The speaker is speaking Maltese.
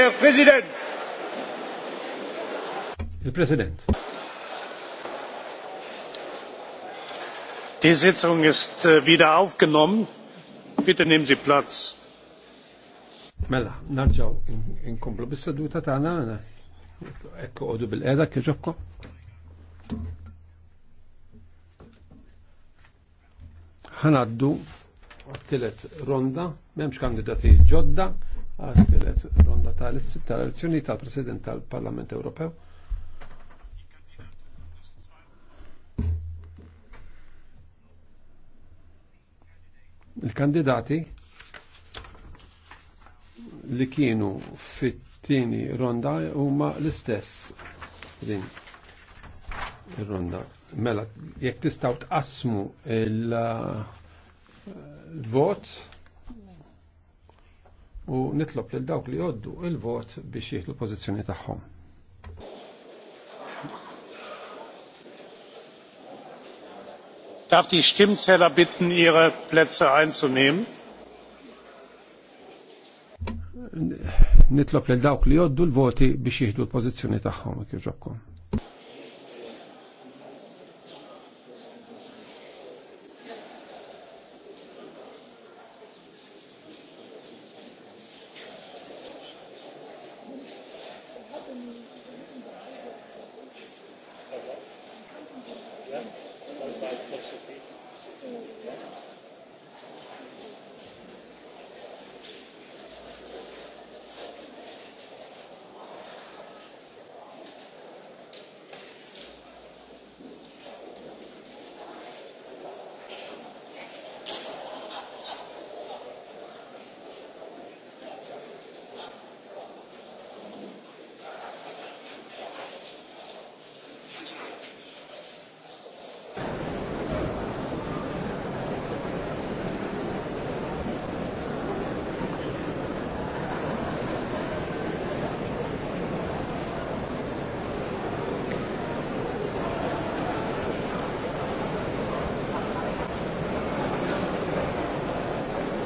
Il-President. Il-President. Die Sitzung ist äh, wieder aufgenommen. Bitte nehmen Sie Platz. Mela, narġaw, inkomplu bis-seduta tagħna, ekku għodu bil-qeda kieġobkom. ħanaddu għattilet ronda, memx kandidati ġodda, għattilet ronda tal-elezzjoni tal-President tal-Parlament Ewropew. Il-kandidati li kienu fit-tieni ronda huma l-istess din ir-ronda. Mela, jekk tistgħu tqasmu il-vot u nitlob lil dawk li joddu il-vot biex jieħdu l-pożizzjoni tagħhom. Darf die Stimmzähler bitten, ihre Plätze einzunehmen? Nitlob lil dawk li joddu l-voti biex jieħdu l-pożizzjoni tagħhom kif ġobkom.